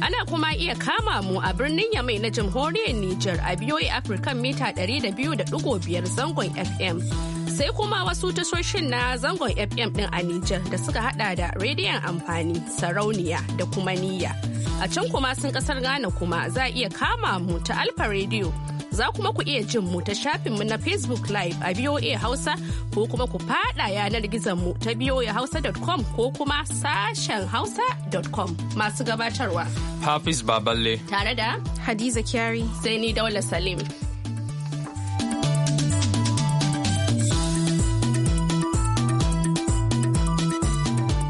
Ana kuma iya kama mu a birnin Yamai na jamhuriyar Nijar a biyoyi afirka mita 200.5 zangon FM. Sai kuma wasu tashoshin na zangon FM din a Nijar da suka hada da rediyon amfani, sarauniya da kuma niyya. A can kuma sun kasar Ghana kuma za a iya kama mu ta Alfa Radio. za kuma ku iya jin mu ta shafin mu na Facebook Live a A Hausa ko kuma ku fada yanar gizon mu ta voahausa.com ko kuma sashen hausa.com masu gabatarwa. Hafiz Baballe. Tare da Hadiza Kyari. Sai ni Daula Salim.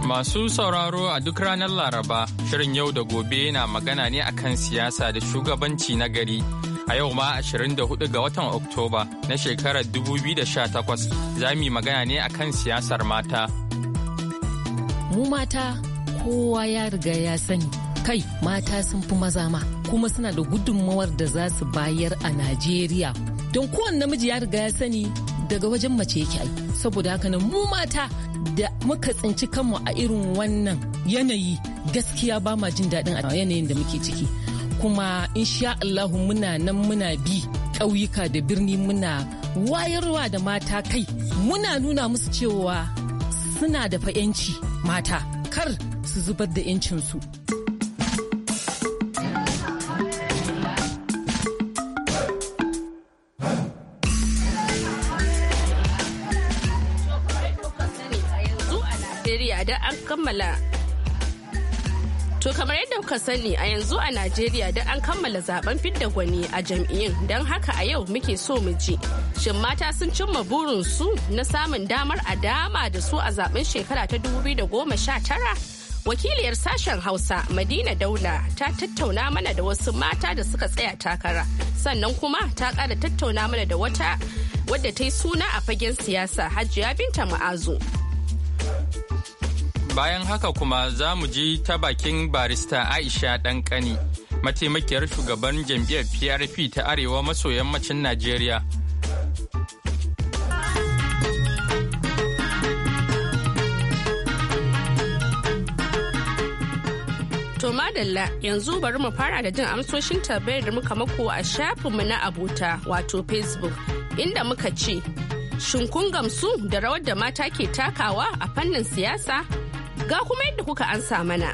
Masu sauraro a duk ranar Laraba, shirin yau da gobe na magana ne akan siyasa da shugabanci na gari. a yau ma 24 ga watan Oktoba na shekarar 2018 za mu yi magana ne a kan siyasar mata. Mu mata kowa ya riga ya sani kai mata sun fi maza ma kuma suna da gudunmawar da za su bayar a Najeriya. Don kowane namiji ya riga ya sani daga wajen mace yake ai saboda haka nan mu mata da muka tsinci kanmu a irin wannan yanayi gaskiya ba ma jin daɗin a yanayin da muke ciki. kuma insha Allah muna nan muna bi ƙauyuka da birni muna wayarwa da mata kai muna nuna musu cewa suna da fa'yanci mata kar su zubar da 'yancinsu. da an kammala To kamar yadda kuka sani a yanzu a Najeriya da an kammala zaben fidda gwani a jam'iyyun don haka a yau muke so mu ji. Shin mata sun cimma burinsu na samun damar a dama da su a zaben shekara ta 2019? Wakiliyar sashen Hausa Madina Daula ta tattauna mana da wasu mata da suka tsaya takara sannan kuma ta ƙara tattauna mana da wata wadda ta yi suna a fagen siyasa Hajiya Binta Ma'azu. Bayan haka kuma za mu ji ta bakin barista Aisha Ɗanƙani, mataimakiyar shugaban jam'iyyar PRP ta Arewa maso yammacin Najeriya. To madalla yanzu bari mu fara da jin amsoshin tambayar da muka mako a shafinmu na abota wato Facebook inda muka ce, Shin kun gamsu da rawar da mata ke takawa a fannin siyasa? Ga kuma yadda kuka ansa mana.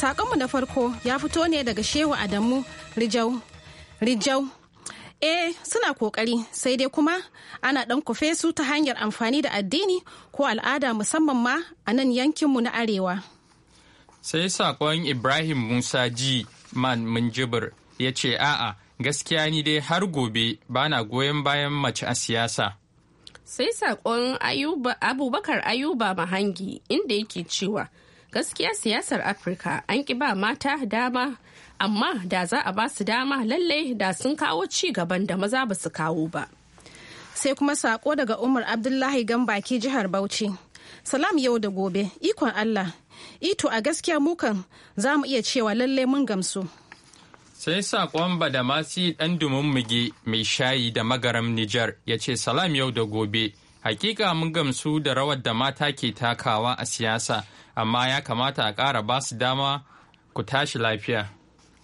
Sakonmu na farko ya fito ne daga Shehu Adamu Rijau. Rijau. Eh suna kokari sai dai kuma ana ɗan kufe su ta hanyar amfani da addini ko al'ada musamman ma a nan yankinmu na arewa. Sai sakon Ibrahim Musa ji man munjibir. ya ce a'a gaskiya ni dai har gobe bana goyon bayan mace a siyasa. Sai saƙon Abubakar Ayuba Mahangi inda yake cewa gaskiya siyasar Afirka an ƙi ba mata dama amma da za a ba su dama lallai da sun kawo ci gaban da maza ba su kawo ba. Sai kuma saƙo daga Umar Abdullahi Gambaki jihar Bauchi. Salam yau da gobe, ikon Allah, ito a gaskiya mukan za mu iya cewa lallai mun gamsu. sai saƙon badamasi ɗan dumin muge mai shayi da magaram Nijar ya ce salam yau da gobe. Hakika mun gamsu da rawar da mata ke takawa a siyasa, amma ya kamata a ƙara ba su dama ku tashi lafiya.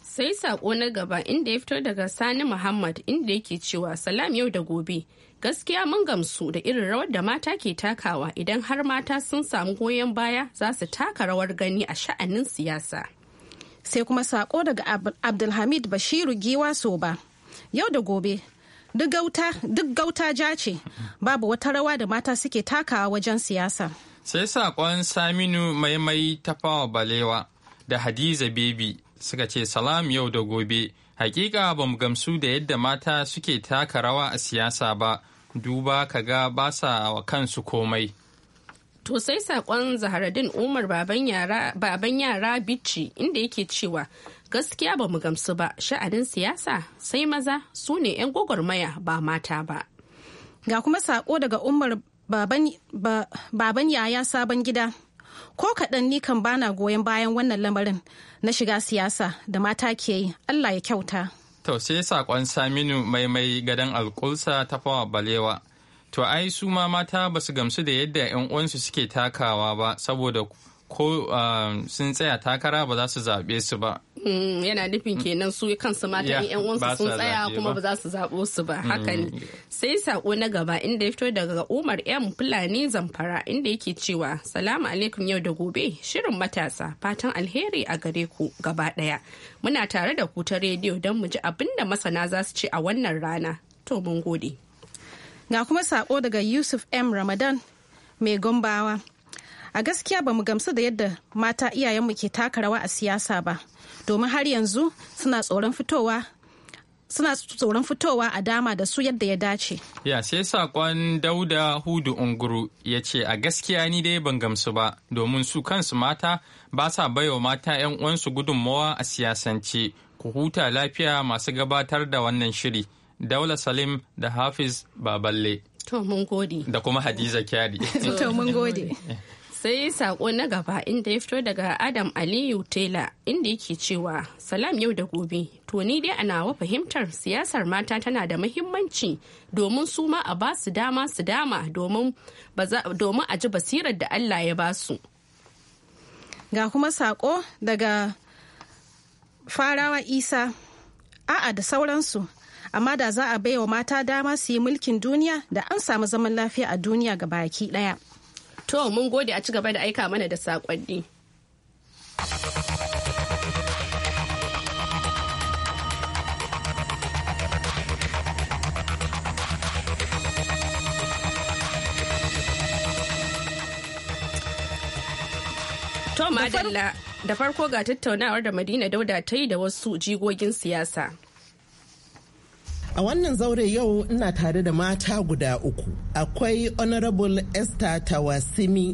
Sai saƙo na gaba inda ya fito daga Sani Muhammad inda yake cewa salam yau da gobe. Gaskiya mun gamsu da irin rawar da mata ke takawa idan har mata sun samu goyon baya za su taka rawar gani a sha'anin siyasa. sai kuma sako daga abdulhamid bashiru giwa ba yau da gobe duk gauta ja ce babu wata rawa da mata suke takawa wajen siyasa sai sakon saminu maimai tafawa balewa da hadiza bebi suka ce salam yau da gobe hakika bamu gamsu da yadda mata suke taka rawa a siyasa ba duba kaga ba sa wa kansu komai To sai saƙon zaharadin Umar baban yara Bichi inda yake cewa gaskiya ba mu gamsu ba sha'adin siyasa sai maza su ne 'yan gwagwarmaya ba mata ba. Ga kuma sako daga Umar baban yaya sabon gida. Ko kaɗan ni kan bana goyon bayan wannan lamarin na shiga siyasa da mata ke yi Allah ya kyauta. To sai saƙon Saminu maimai gadon alkulsa ta fama balewa. to ai su ma mata ba su gamsu da yadda 'yan uwansu suke takawa ba saboda ko ah, sun tsaya takara ba za su zaɓe su ba. Mm, yana nufin kenan su kansu mata yan uwansu sun tsaya kuma ba za su zaɓo su ba mm. haka ne. sai saƙo na gaba inda ya fito daga umar m fulani zamfara inda yake cewa salamu alaikum yau da gobe shirin matasa fatan alheri a gare ku gaba ɗaya muna tare da ku ta rediyo don mu ji abin masana za su ce a wannan rana to mun gode. Ga kuma sako daga Yusuf M. Ramadan mai gombawa. A gaskiya ba mu gamsu da yadda mata iyayenmu ke taka rawa a siyasa ba, domin har yanzu suna tsoron fitowa a dama da su yadda ya dace. Ya sai sakon Dauda Hudu Unguru ya ce a gaskiya ni dai ban gamsu ba domin su kansu mata ba sa baiwa mata 'yan uwansu gudunmawa a siyasance ku huta lafiya masu gabatar da wannan shiri. Daula Salim da Hafiz Baballe. To mun gode. Da kuma Hadiza Kyari. to mun gode. Sai saƙo na gaba inda ya fito daga Adam Aliyu Tela inda yake cewa salam yau da gobe to ni dai ana nawa fahimtar siyasar mata tana da muhimmanci domin su ma a ba su dama su dama domin a ji basirar da Allah ya ba su. Ga kuma saƙo daga farawa Isa a'a da sauransu amma da za a baiwa mata dama su yi mulkin duniya da an samu zaman lafiya a duniya ga baki ɗaya. To mun gode a ci gaba da aika mana da saƙonni. To madalla da farko ga tattaunawar da Madina Dauda ta yi da wasu jigogin siyasa. A wannan zaure yau ina tare da mata guda uku. Akwai Honorable Esther Tawasimi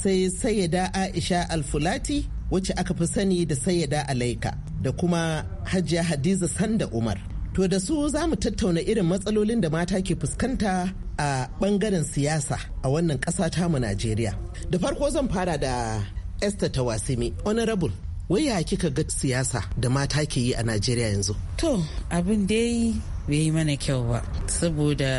sai Sayyada Aisha Alfulati wacce aka fi sani da Sayyada Alaika da kuma Hajiya Hadiza Sanda Umar. To da su za mu tattauna irin matsalolin da mata ke fuskanta a bangaren siyasa a wannan ƙasa tamu Najeriya. Da farko zan fara da Esther Tawasimi, Honorable. Wai ya kika ga siyasa da mata ke yi a Najeriya yanzu? To, abin dai bai yi mana kyau ba saboda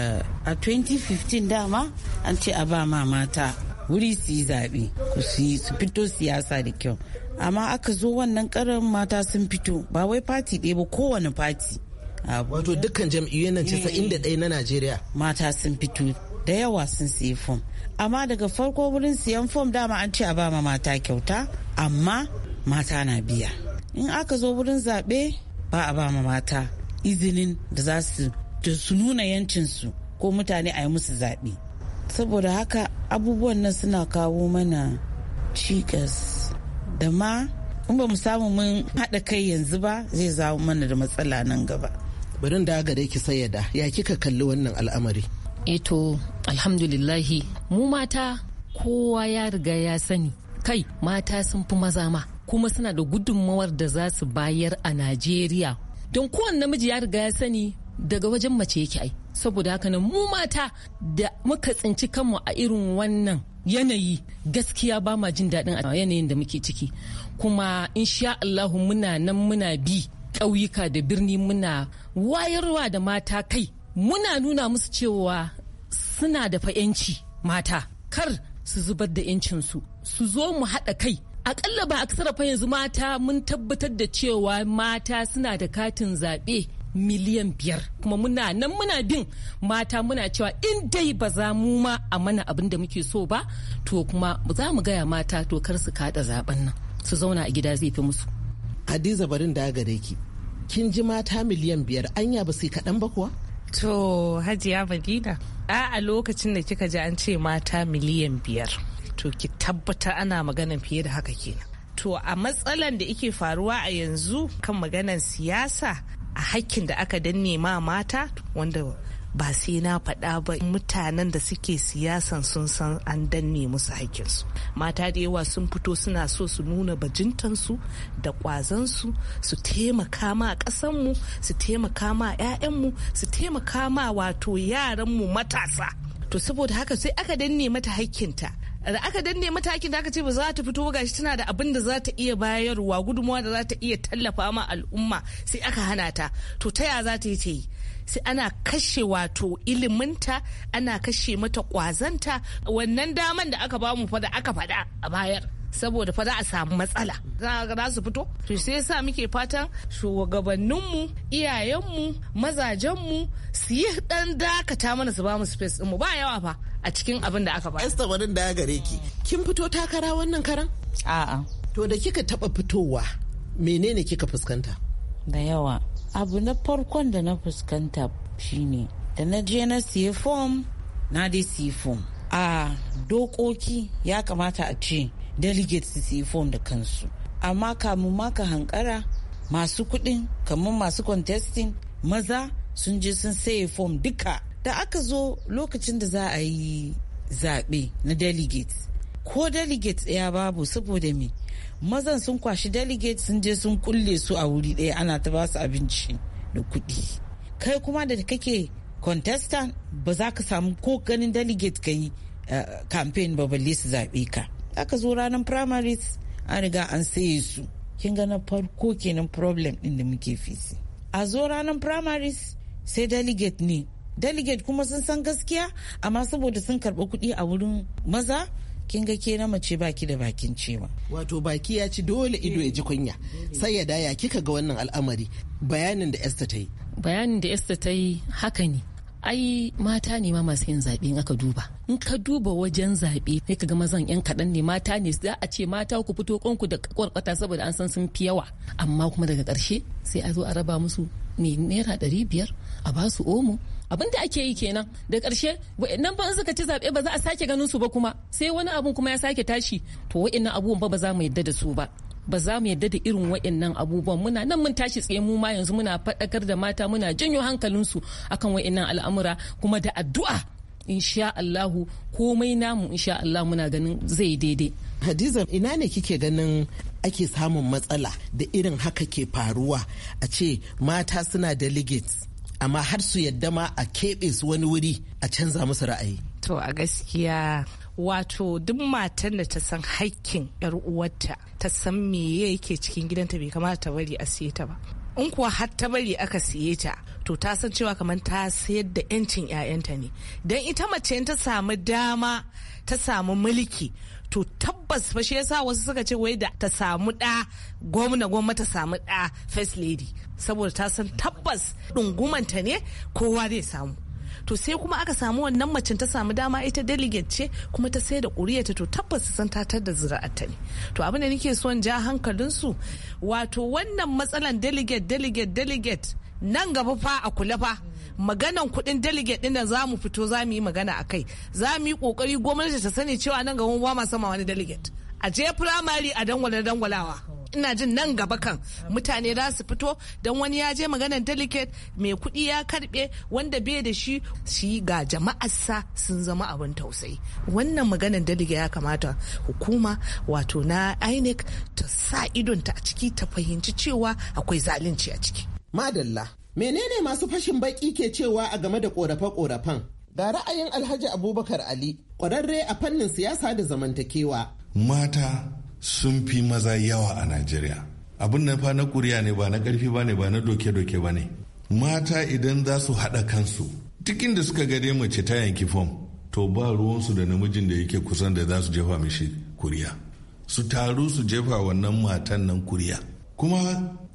a 2015 dama an ce a ba ma mata wuri su yi zaɓe su fito siyasa da kyau amma aka zo wannan karan mata sun fito ba wai fati ɗaya ba kowane fati wato dukkan jam'iyyun nan eh. inda ɗaya na najeriya mata sun fito da yawa sun siyi fom amma daga farko wurin siyan fom dama an ce a ba ma mata kyauta amma mata na biya in aka zo wurin zaɓe ba a ba ma mata izinin da za su da su nuna yancinsu ko mutane a yi musu zaɓe saboda haka abubuwan nan suna kawo mana cikas da ma in ba mu samu mun haɗa kai yanzu ba zai zawo mana da matsala nan gaba bari da gare ki sayyada ya kika kalli wannan al'amari eto eh alhamdulillahi mu mata kowa ya riga ya sani kai mata sun fi maza ma kuma suna da gudunmawar da za su bayar a najeriya don kowane namiji ya riga ya sani daga wajen mace yake ai saboda haka nan mu mata da muka tsinci kanmu a irin wannan yanayi gaskiya ba ma jin daɗin a yanayin da muke ciki kuma insha Allah muna nan muna bi ƙauyuka da birni muna wayarwa da mata kai muna nuna musu cewa suna da fa'yanci mata kar su zubar da 'yancinsu su zo mu haɗa kai akalla ba ƙasar fa yanzu mata mun tabbatar da cewa mata suna da katin zaɓe miliyan biyar kuma muna nan muna bin mata muna cewa in dai ba za mu ma a mana abin da muke so ba to kuma za mu gaya mata to kar su kada zaben nan su zauna a gida zai fi musu hadiza barin da gare ki kin ji mata miliyan biyar anya ba yi kaɗan ba kuwa to hajiya madina a lokacin da kika ji an ce mata miliyan biyar to ki tabbata ana maganan fiye da haka kenan to a matsalan da ike faruwa a yanzu kan maganan siyasa a hakkin da aka danne ma mata wanda ba sai na faɗa ba mutanen da suke siyasan sun san an danne musu haƙƙinsu mata da yawa sun fito suna so su nuna bajintansu da ƙwazansu su taimaka ma ƙasanmu su taimaka ma 'ya'yanmu su taimaka ma wato yaranmu matasa to saboda haka sai aka danne mata haƙƙinta da aka danne matakin da aka ce ba za ta fito gashi tana da abin da za ta iya bayarwa gudunmawa da za ta iya tallafa ma al'umma sai aka hana ta to ta ya za ta yi ta yi sai ana kashe wato iliminta ana kashe mata kwazanta wannan daman da aka bamu fa da aka faɗa a bayar saboda fa za a samu matsala za su fito to sai yasa muke fatan shugabanninmu iyayenmu mazajenmu su yi dan dakata mana su ba mu space mu ba yawa fa a cikin abin da aka ba Esther barin da gare ki kin fito takara wannan karan a'a to da kika taba fitowa menene kika fuskanta da yawa abu na farkon da na fuskanta shine da na je na siye form na dai siye form a dokoki ya kamata a ce delegates su yi form da kansu amma kamun maka hankara masu kudin kamar masu contesting maza sun je sun saye form duka da aka zo lokacin da za a yi zaɓe na delegates ko delegates ɗaya babu saboda me mazan sun kwashi delegates sun je sun kulle su a wuri ɗaya ana ta ba su abinci da kuɗi kai kuma da kake contestant ba za ka samu ko ganin delegate ka yi eh, campaign ba balle su zaɓe ka aka zo ranar primaries an riga an saye su kin ga na farko kenan problem din da muke fisi a zo ranar primaries sai delegate ne delegate kuma sun san gaskiya amma saboda sun karba kuɗi a wurin maza kin ga ke na mace baki da bakin cewa wato baki ya ci dole ido ya ji kunya sai ya daya kika ga wannan al'amari bayanin da Esther ta yi bayanin da Esther ta yi haka ne ai mata ne ma masu yin zaɓe in aka duba in ka duba wajen zaɓe sai ka ga mazan yan kaɗan ne mata ne za a ce mata ku fito kanku da kwarkwata saboda an san sun fi yawa amma kuma daga ƙarshe sai a zo a raba musu ne naira ɗari biyar a ba su omo abin da ake yi kenan da ƙarshe nan ba suka ci zaɓe ba za a sake ganin su ba kuma sai wani abun kuma ya sake tashi to wa'annan abubuwan ba ba za mu yadda da su ba ba za mu yadda da irin wa'annan abubuwan muna nan mun tashi tsaye mu ma yanzu muna faɗakar da mata muna janyo hankalinsu akan wa'annan al'amura kuma da addu'a insha Allahu komai namu insha Allah muna ganin zai daidai Hadiza ina ne kike ganin ake samun matsala da irin haka ke faruwa a ce mata suna delegates amma har su yadda ma a keɓe su wani wuri a canza musu ra'ayi. To a gaskiya wato duk matar da ta san haƙƙin 'yar uwarta ta san me yake cikin gidanta bai kamata ta bari a siye ta ba in kuwa har ta bari aka siye ta to ta san cewa kamar ta sayar da 'yancin 'ya'yanta ne don ita mace ta samu dama ta samu mulki to tabbas fa shi yasa wasu suka ce wai da ta samu ɗa gwamna gwamna ta samu da first lady saboda ta san tabbas ɗungumanta ne kowa zai samu to sai kuma aka samu wannan macin ta samu dama ita delegate ce kuma ta sai da ƙuri'ata to tabbas su san tatar da zira'arta ne to abin da nake son ja hankalinsu wato wannan matsalan delegate delegate delegate nan gaba fa a kula fa maganan kudin delegate din da za mu fito za mu yi magana a kai za mu yi kokari gwamnati ta sani cewa nan gaba ba ma sama wani delegate a je firamare a dangwale-dangwale dangwalawa ina jin nan gaba kan mutane za su fito don wani ya je maganar delicate mai kuɗi ya karɓe wanda bai da shi shi ga jama'arsa sun zama abin tausayi wannan maganar delicate ya kamata hukuma wato na inec ta sa idonta a ciki ta fahimci cewa akwai zalunci a ciki madalla menene masu fashin baki ke cewa a game da ƙorafe-ƙorafen? ga ra'ayin alhaji abubakar ali ƙwararre a fannin siyasa da zamantakewa mata sun fi maza yawa a najeriya abin na fa na kuriya ne ba na karfi ba ne ba na doke-doke ba ne mata idan za su haɗa kansu duk da suka gade mace ta yanki fom to ba ruwansu da namijin da yake kusan da za su jefa mishi kuriya su taru su jefa wannan matan nan kuriya kuma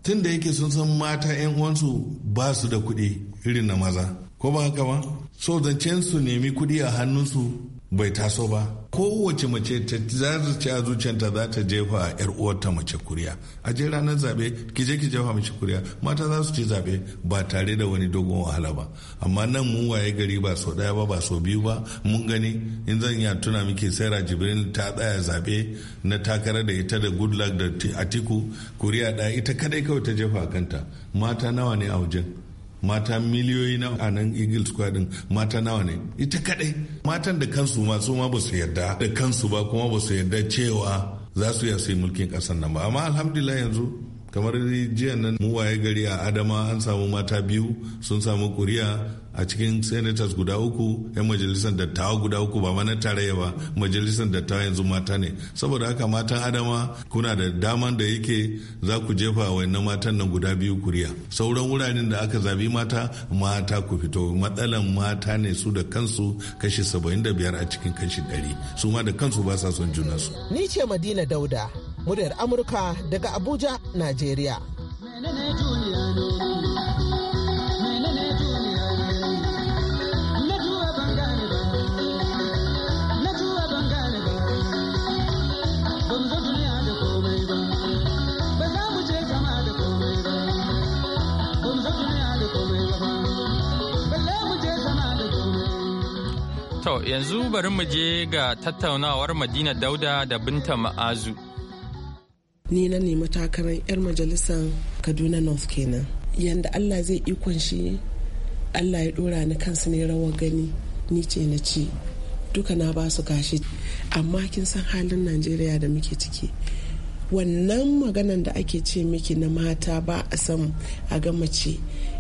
tun da yake sun san mata 'yan uwansu ba su da kuɗi irin na maza ko ba haka ba so zancen su nemi kuɗi a hannunsu bai taso ba kowace mace ta zarce a zuciyarta za ta jefa yar uwarta mace kuriya a je ranar zabe ki je ki jefa mace kuriya mata za su ci zabe ba tare da wani dogon wahala ba amma nan mun waye gari ba so daya ba ba so biyu ba mun gani in zan iya tuna miki saira jibril ta tsaya zabe na takara da ita da goodluck da atiku kuriya daya ita kadai kawai ta jefa kanta mata nawa ne a wajen mata miliyoyi na a nan eagle square din mata nawa ne ita kadai matan da kansu masu ma ba su yarda da kansu ba kuma ba su yarda cewa za su iya sai mulkin kasar nan ba amma alhamdulillah yanzu kamar jiya nan mu waye gari a adama an samu mata biyu sun samu kuriya a cikin senators guda uku 'yan majalisar dattawa guda uku ba mana tarayya ba majalisar dattawa yanzu mata ne saboda haka matan adama kuna da daman da yake za ku jefa na matan nan guda biyu kuriya sauran wuraren da aka zabi mata mata ku fito matsalan mata ne su da kansu kashi 75 a cikin kashi 100 su ma da kansu ba sa son juna su ni ce madina dauda muryar amurka daga abuja najeriya yanzu bari mu je ga tattaunawar Madina Dauda da Binta Ma'azu. Ni na nemi takarar 'yar majalisar Kaduna North kenan. Yanda Allah zai ikon shi, Allah ya dora ni kansu ne rawar gani, ni ce na ci. Duka na ba su gashi. Amma kin san halin Najeriya da muke ciki. Wannan maganan da ake ce miki na mata ba a san a ga mace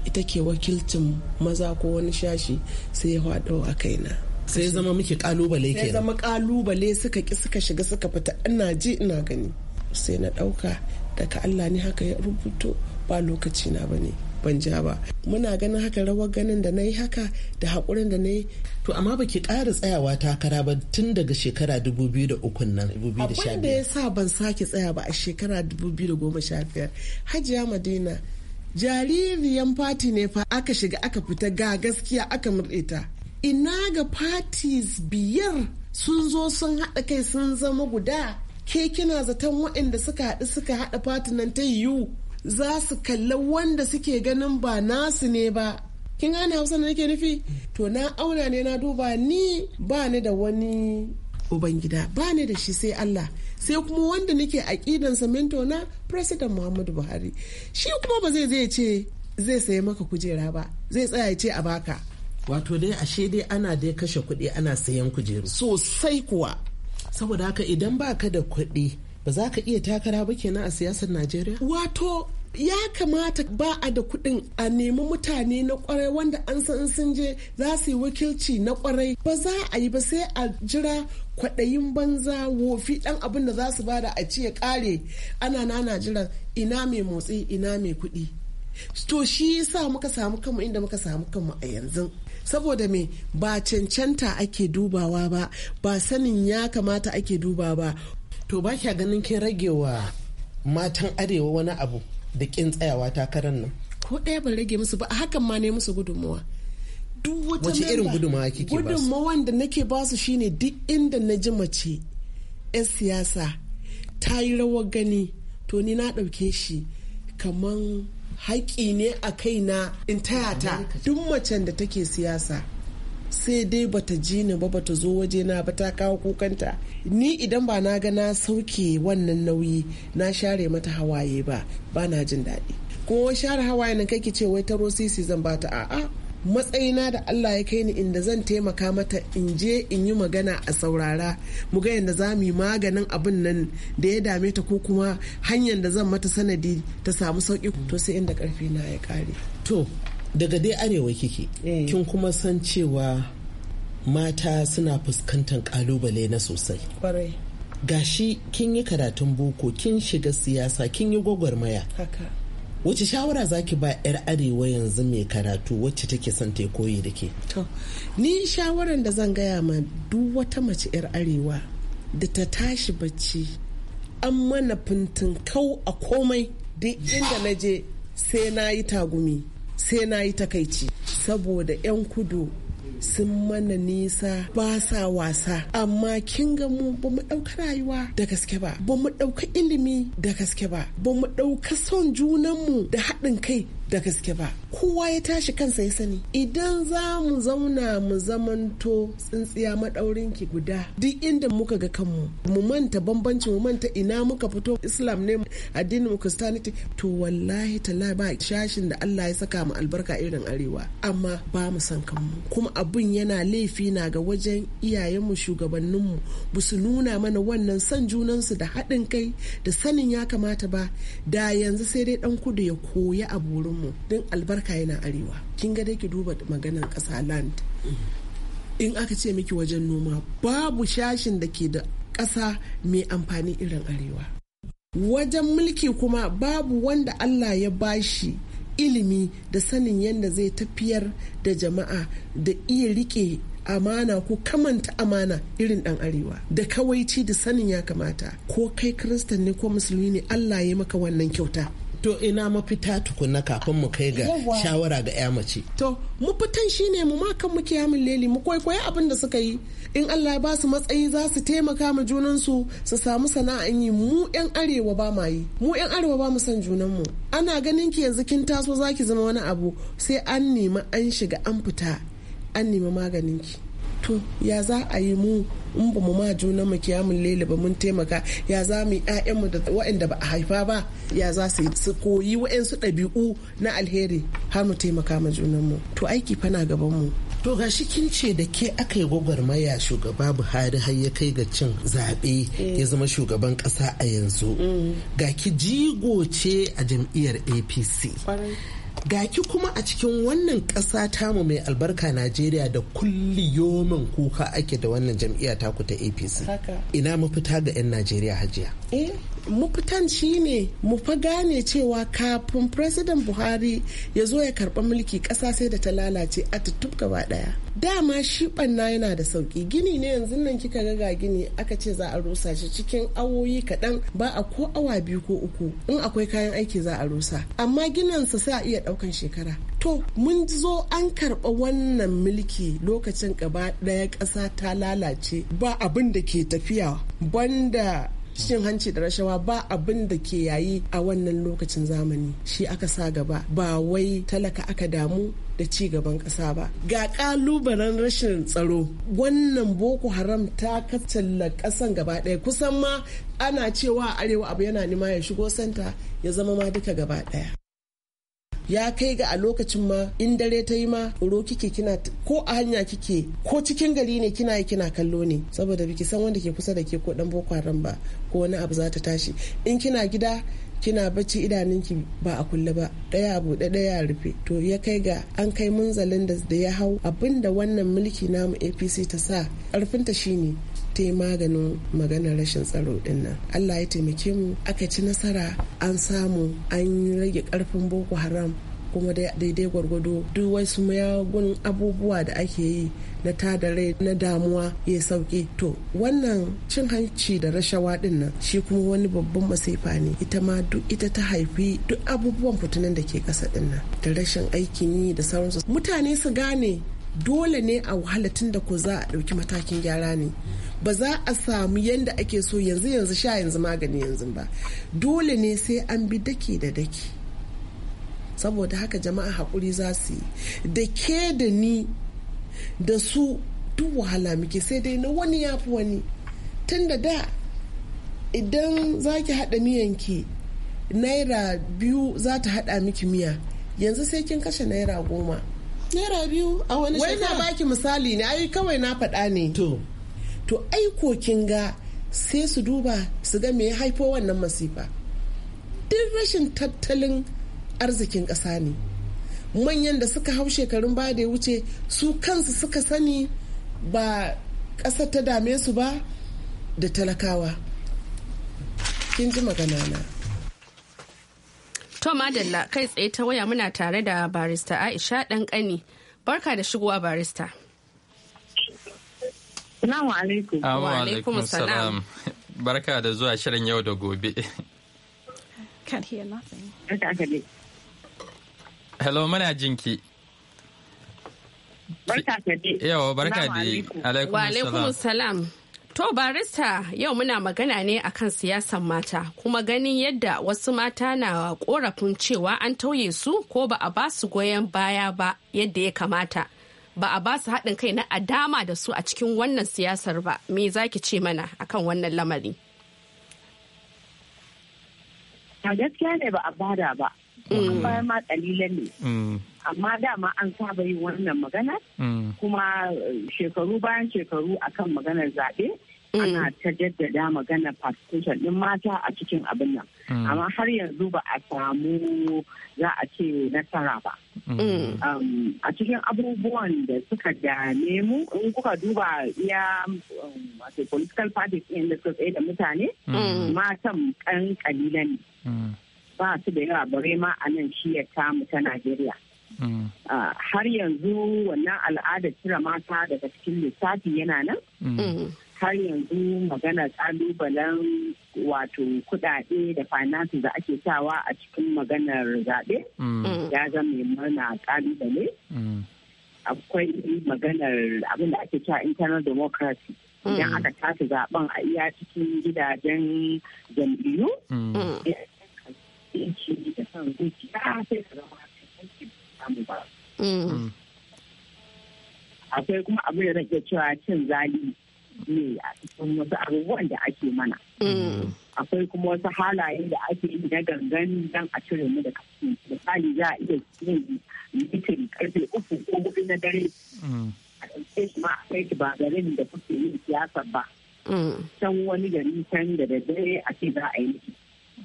ita ke wakilcin maza ko wani shashi sai ya haɗo a kaina. sai zama muke kalubale ke zama kalubale suka ki suka shiga suka fita ina ji ina gani sai na dauka daga Allah ne haka ya rubuto ba lokaci na bane ban ja ba muna ganin haka rawar ganin da nayi haka da hakurin da nayi to amma baki ƙara tsayawa takara ba tun daga shekara 2003 nan 2015 abin da ya sa ban sake tsaya ba a shekara 2015 hajiya madina jaririyan fati ne fa aka shiga aka fita ga gaskiya aka murɗe ina ga parties biyar sun zo sun haɗa kai sun zama guda ke kina zaton waɗanda suka haɗu suka haɗa nan ta yiwu za su kalla wanda suke ganin ba nasu ne ba kin gane hausa da nake nufi to na auna ne na duba ni ba ni da wani ubangida ba ni da shi sai Allah sai kuma wanda nake aƙidansa minto na president Muhammadu Buhari shi kuma ba zai zai ce zai sayi maka kujera ba zai tsaya ce a baka wato dai ashe dai ana dai kashe kuɗi ana sayan kujeru sosai kuwa saboda haka idan baka da kuɗi ba za ka iya takara ba kenan a siyasar najeriya wato ya kamata ba a da kuɗin a nemi mutane na kwarai wanda an san sun je za su yi wakilci na kwarai ba za a yi ba sai a jira kwaɗayin banza wofi ɗan abin da za su bada a ce ƙare ana nana jira ina mai motsi ina mai kuɗi to shi yasa muka samu kanmu inda muka samu kanmu a yanzu saboda me ba cancanta ake dubawa ba ba sanin ya kamata ake duba ba to ba kya ganin kin ragewa matan arewa wani abu da kin tsayawa takarar nan ko ɗaya ban rage musu ba hakan ma ne musu gudunmawa wace irin gudunmawa kike ba gudunmawan da nake basu shine duk inda na ji mace 'yan siyasa ta yi rawar gani to ni na ɗauke shi kaman haƙi ne a kaina in taya ta duk macen da take siyasa sai dai bata ji ni ba bata zo waje na ba ta kawo kukanta ni idan ba na ga na sauke wannan nauyi na share mata hawaye ba ba na jin daɗi kuma share hawaye na kai ki ce wai taro sisi zan bata a'a matsayina da Allah ya kai ni inda zan taimaka mata in je in yi magana a saurara mu ga yadda za mu yi maganin abin nan da ya dame ta ko kuma hanyar da zan mata sanadi ta samu sauki to sai inda karfi na ya kare to daga dai arewa kike eh. kin kuma san cewa mata suna fuskantar kalubale na sosai gashi kin yi karatun boko kin shiga siyasa kin yi gwagwarmaya haka wace shawara zaki ba 'yar arewa yanzu mai karatu wacce take son ta koyi da ke ni shawaran da zan gaya ma duk wata mace 'yar arewa da ta tashi bacci an mana fintin kau a komai duk inda na je sai na yi tagumi sai na yi takaici saboda 'yan kudu sun mana nisa ba sa wasa amma kin ga mu ba mu ɗauka rayuwa da gaske ba ba mu ɗauka ilimi da gaske ba ba mu ɗauka son junanmu da haɗin kai da gaske ba kowa ya tashi kansa ya sani idan za mu zauna mu zamanto tsintsiya maɗaurin ki guda duk inda muka ga kanmu mu manta bambanci mu manta ina muka fito islam ne addinin mu christianity to wallahi tala ba shashin da Allah ya saka mu albarka irin arewa amma ba mu san kanmu kuma abun yana laifi na ga wajen iyayenmu shugabanninmu ba su nuna mana wannan san junansu da haɗin kai da sanin ya kamata ba da yanzu sai dai ɗan kudu ya koya a burinmu mu don albarka yana arewa kin ga dai ki duba maganar ƙasa land in aka ce miki wajen noma babu shashin da ke da ƙasa mai amfani irin arewa wajen mulki kuma babu wanda allah ya bashi ilimi da sanin yadda zai tafiyar da jama'a da iya rike amana ko kamanta amana irin dan arewa da kawaici da sanin ya kamata ko kai kristan ne ko musulmi ne allah ya maka wannan kyauta to ina mafita tukuna kafin mu kai ga shawara ga ya mace to mu fitan shine mu ma kan muke yamin leli mu kwaikwayi abin da suka yi in Allah ya ba su matsayi za su taimaka ma junan su su samu sana'an yi mu yan arewa ba ma yi mu yan arewa ba mu san junan mu ana ganin ki yanzu kin taso zaki zama wani abu sai an nemi an shiga an fita an nemi maganin ki to ya za a yi mu in ba mu ma juna mu kiyamun lele ba mun taimaka ya za mu mu da waɗanda ba a haifa ba ya za su su koyi waɗansu ɗabi'u na alheri har mu taimaka ma mu to aiki fana gaban mu to ga shi kin ce da ke aka yi gwagwarmaya shugaba buhari har ya kai ga cin zaɓe eh. ya zama shugaban ƙasa a yanzu mm. ga ki jigo ce a jam'iyyar apc gaki kuma a cikin wannan ƙasa tamu mai albarka najeriya da kulli yomin kuka ake da wannan jam'iyya taku ta apc ina mafita ga 'yan najeriya hajiya eh. mafitan shi ne mu fa gane cewa kafin president buhari ya zo ya karba mulki ƙasa sai da ta lalace a tuttub gaba ɗaya dama shi na yana da sauki gini ne yanzu nan kika ga ga gini aka ce za a rusa shi cikin awoyi kaɗan ba a ko awa biyu ko uku in akwai kayan aiki za a rusa amma ginin sa a iya ɗaukan shekara to mun zo an karɓa wannan mulki lokacin gaba ɗaya ƙasa ta lalace ba abin da ke tafiya banda cin hanci da rashawa ba abin da ke yayi a wannan lokacin zamani shi aka sa gaba ba wai talaka aka damu da ci gaban ƙasa ba ga ƙalubalen rashin tsaro wannan boko haram ta katsalla ƙasan gaba ɗaya kusan ma ana cewa arewa abu yana nima ya shigo santa ya zama ma duka gaba ɗaya ya kai ga a lokacin ma in dare ta yi ma tsoro kike kina ko a hanya kike ko cikin gari ne kina yi kina kallo ne saboda biki san wanda ke kusa da ke ko dan boko haram ba ko wani abu za ta tashi in kina gida kina bacci idanunki ba a kulle ba daya abu daya rufe to ya kai ga an kai munzalin da ya hau abinda wannan mulki namu apc ta sa karfinta shine ta yi maganin maganar rashin tsaro din nan allah ya taimake mu aka ci nasara an samu an rage karfin boko haram kuma daidai gwargwado duk wasu mayagun abubuwa da ake yi na tada rai na damuwa ya sauki to wannan cin hanci da rashawa din nan shi kuma wani babban masifa ne ita ma duk ita ta haifi duk abubuwan fitinan da ke kasa din nan da rashin aikin yi da sauransu mutane su gane dole ne a wahala tun da ko za a ɗauki matakin gyara ne ba za a samu yadda ake so yanzu yanzu sha yanzu magani yanzu ba dole ne sai an bi dake da daki saboda haka jama'a haƙuri za su yi da ke da ni da su duk wahala muke sai dai na wani ya fi wani tun da da idan za ki haɗa miyanki naira biyu za ta haɗa miki miya yanzu sai kin kashe naira goma naira biyu a wani shekara wai na baki misali ne ai kawai na faɗa ne to to aiko kin ga sai su duba su ga me haifo wannan masifa duk rashin tattalin arzikin ƙasa ne manyan da suka hau shekarun ba da ya wuce su kansu suka sani ba ƙasa ta dame su ba da talakawa kin ji magana na To Madalla kai tsaye ta waya muna tare da barista Aisha Ɗanƙani. Barka da shigowa barista. Salamu alaikum. Wa alaikum salam. Barka da zuwa shirin yau da gobe. Can't hear nothing. Hello, muna jinki. Barka da Yawa, barka da alaikum salam. Wa alaikum salam. To barista yau muna magana ne akan siyasan mata kuma ganin yadda wasu mata na korafin cewa an tauye su ko ba a ba su goyon baya ba yadda ya kamata. Ba a ba su haɗin kai na adama da su a cikin wannan siyasar ba. Me za ki ce mana akan wannan lamari? A gaskiya ne ba a bada ba. Mm. Bayan ma ne. Mm. amma dama an saba yin wannan magana mm. kuma eh, shekaru bayan shekaru akan maganar zaɓe eh. ana ta jaddada magana participation din mata a cikin abin nan mm. amma har yanzu ba a samu za a ce nasara ba mm. eh. um, a cikin abubuwan da suka dame mu in kuka duba iya um, wato political parties in da suka da mutane matan kan kalilan ba su da yawa bare ma a nan shi ya tamu ta najeriya Ah, har yanzu wannan al'adar cire mata daga cikin lissafi yana nan mm. har yanzu magana kalubalen wato kudade da finance da ake sawa a cikin maganar zaɓe mm. ya zama mana kalubale mm. akwai maganar abin da ake cewa internal democracy idan aka tasa zaben a iya cikin gidajen jam'iyyu da zuciya sai Mm. Mm. Akwai kuma abu da rage cewa cin zali ne a cikin wasu abubuwan da ake mana. Mm. Akwai kuma wasu halayen da ake yi na gangan don a cire mu da kafin misali za a iya yin mitin karfe uku ko hudu na dare. A ɗauke shi ma a ki ba garin da kuke yin siyasar ba. Can wani gari can da dare a ce za a yi miki.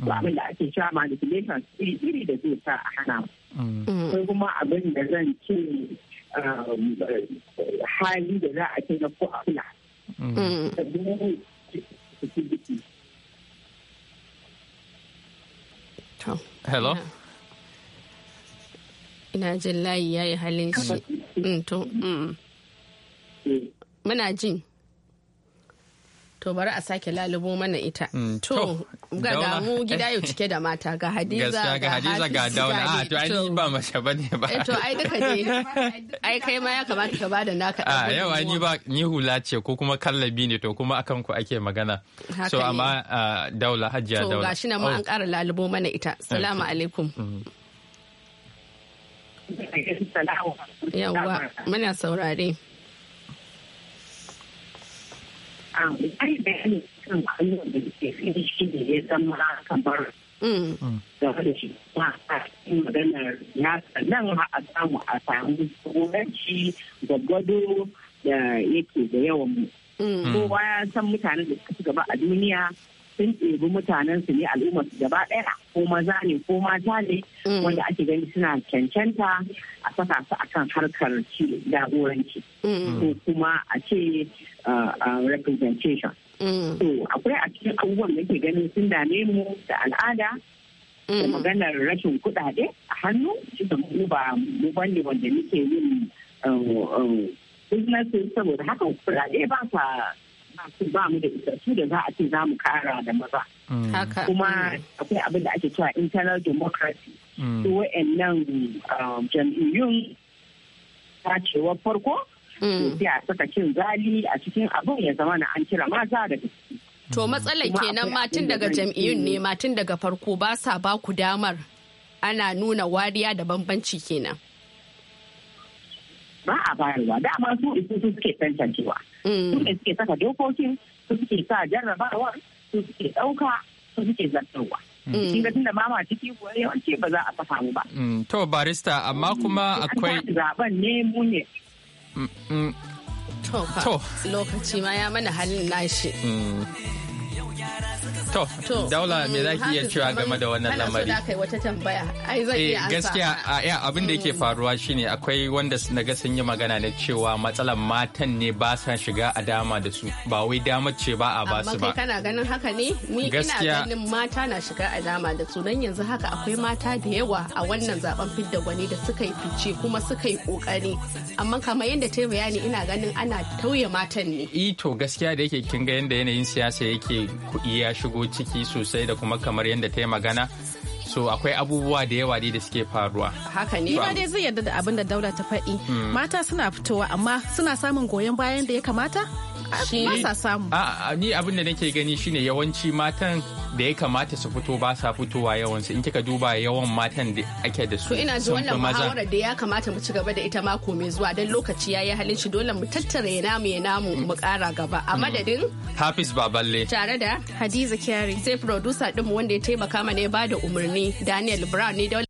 Ba abin da ake sha manipulation iri da zai sa a hana mu. Sai mm. kuma abin da zan ce um, hali da za a ce na ko a mm. Mm. Hello? Ina jin layi ya yi halin shi. Eh. Muna jin. to bari a sake lalubo mana ita mm, to ga damu gida yau cike da mata ga hadiza ga hadiza ga dauna a ah, to ai ba mace bane ba eh, to ai duka ne ai kai ma ya kamata ka bada naka Ah, yau ni ba ni hula ce ko kuma kallabi ne to kuma akan ku ake magana so amma ah, daula hajiya daula to gashi na mu an oh. ƙara lalubo mana ita Assalamu alaikum mm-hmm. yawwa muna saurare kai bayani kan ayyukan da ke fi shi ne ya zama kamar mm. gaba da shi ba a cikin maganar nasa nan ma a samu a samu tsoronci gwaggwado da yake da yawan mu. Mm. Kowa ya san mutanen da suka gaba a duniya sun ɗebi mutanen su ne al'ummar su gaba ɗaya ko maza ne ko mata ne mm. wanda ake gani suna cancanta a saka su a kan harkar ci mm. ko kuma a ce representation mm. to akwai a cikin abubuwan da ke ganin sun dame mu da al'ada da maganar rashin kuɗaɗe a hannu shi da mu ba mu bane wanda muke yin eh, eh, business saboda haka kuɗaɗe ba sa ba mu da isassu da za a ce za mu kara da maza. Mm. Kuma mm. akwai abin da ake cewa internal democracy. Mm. Su wa'annan um, jam'iyyun cewa farko sai a saka cin zali a cikin abin ya zama na an kira maza da To matsalar kenan matun daga jam'iyyun ne matun daga farko ba sa ba ku damar ana nuna wariya da bambanci kenan. ba a bayarwa dama su isu su suke tantancewa su mm. suke saka dokokin su suke sa jarrabawar su suke ɗauka su suke zartarwa Kin mm. ga tunda mama ciki kuwa yawanci ba za a fa ba. Mm, to barista amma kuma akwai. Zaben ne mu ne. To lokaci ma ya mana halin nashi. To, daula me eh, za ki iya cewa game da wannan lamari? Ana so wata tambaya. Ai zan iya eh, ansa. Gaskiya a abin da yake mm. faruwa shine akwai wanda na ga sun yi magana na cewa matsalar matan ne ba sa shiga a dama da su ba wai damar ce ba a basu ba. Amma kai kana ganin haka ne? Ni ina ganin mata na shiga a dama da su don yanzu haka akwai mata da yawa a wannan zaben fidda gwani da suka yi fice kuma suka yi kokari. Amma kamar yadda ta bayani ina ganin ana tauye matan ne. Ito e, gaskiya da yake kin ga yanda yanayin siyasa yake kuɗi ya shigo shigo ciki sosai da kuma kamar yadda ta yi magana so akwai abubuwa da yawa dai da suke faruwa haka ne ba dai zai yarda da abin da daula ta faɗi hmm. mata suna fitowa amma suna samun goyon bayan da ya kamata ni abin da nake gani shine yawanci matan da ya kamata su fito ba sa fitowa yawansu in kika duba yawan matan da ake da su ina ji wannan muhawara da ya kamata mu ci gaba da ita mako mai zuwa dan lokaci yayi halin shi dole mu tattara ya namu ya namu mu kara gaba a madadin Hafiz Baballe tare da Hadiza Kyari sai producer din wanda ya taimaka mana ya bada umarni Daniel Brown ne